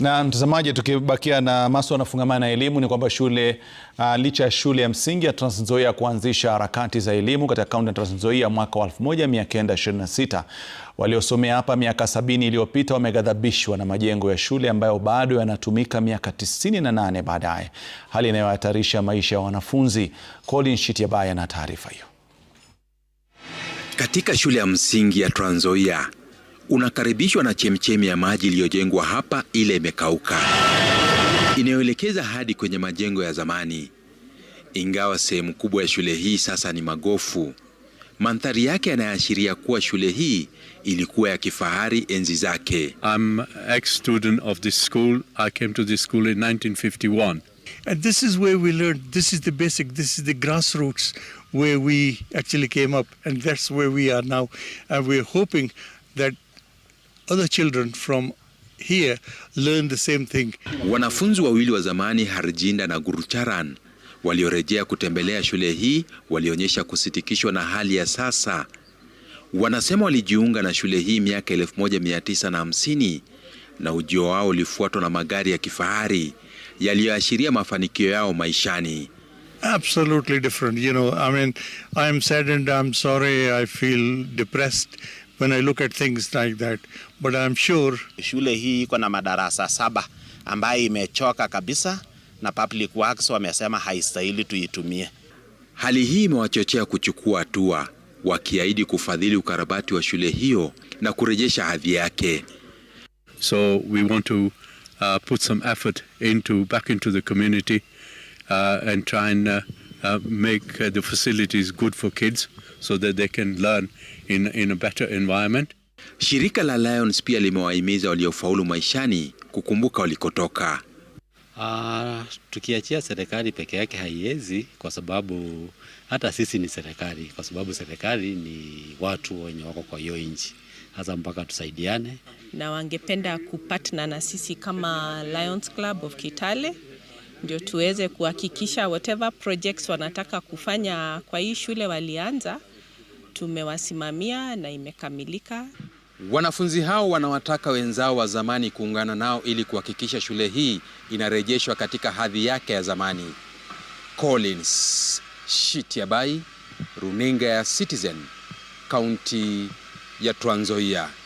Na mtazamaji, tukibakia na masuala yanafungamana na elimu ni kwamba shule uh, licha ya shule ya msingi ya Trans Nzoia kuanzisha harakati za elimu katika kaunti ya Trans Nzoia mwaka 1926 waliosomea hapa miaka sabini iliyopita wameghadhabishwa na majengo ya shule ambayo bado yanatumika miaka 98 baadaye, hali inayohatarisha maisha ya wanafunzi. Colin Shitiabaya na taarifa hiyo. Katika shule ya msingi ya Trans Nzoia unakaribishwa na chemchemi ya maji iliyojengwa hapa, ile imekauka inayoelekeza hadi kwenye majengo ya zamani. Ingawa sehemu kubwa ya shule hii sasa ni magofu, mandhari yake yanayoashiria kuwa shule hii ilikuwa ya kifahari enzi zake. I'm ex student of this school. I came to this school in 1951. And this is where we learned. This is the basic. This is the grassroots where we actually came up, and that's where we are now. And we're hoping that other children from here learn the same thing. Wanafunzi wawili wa zamani Harjinda na Gurucharan waliorejea kutembelea shule hii walionyesha kusitikishwa na hali ya sasa. Wanasema walijiunga na shule hii miaka 1950 na ujio wao ulifuatwa na magari ya kifahari yaliyoashiria mafanikio yao maishani. Absolutely different. You know, I mean, I'm saddened, I'm sorry, I feel depressed when I look at things like that. But I'm sure shule hii iko na madarasa saba ambayo imechoka kabisa na Public Works wamesema haistahili tuitumie. Hali hii imewachochea kuchukua hatua, wakiahidi kufadhili ukarabati wa shule hiyo na kurejesha hadhi yake. So we want to uh, put some effort into back into the community uh, and try and uh, uh, make uh, the facilities good for kids so that they can learn in, in a better environment. Shirika la Lions pia limewahimiza waliofaulu maishani kukumbuka walikotoka. Uh, tukiachia serikali peke yake haiwezi, kwa sababu hata sisi ni serikali, kwa sababu serikali ni watu wenye wako kwa hiyo nchi hasa mpaka tusaidiane, na wangependa kupatna na sisi kama Lions Club of Kitale ndio tuweze kuhakikisha whatever projects wanataka kufanya kwa hii shule walianza, tumewasimamia na imekamilika. Wanafunzi hao wanawataka wenzao wa zamani kuungana nao ili kuhakikisha shule hii inarejeshwa katika hadhi yake ya zamani. Collins Shitiabai, runinga ya Citizen, kaunti ya Trans Nzoia.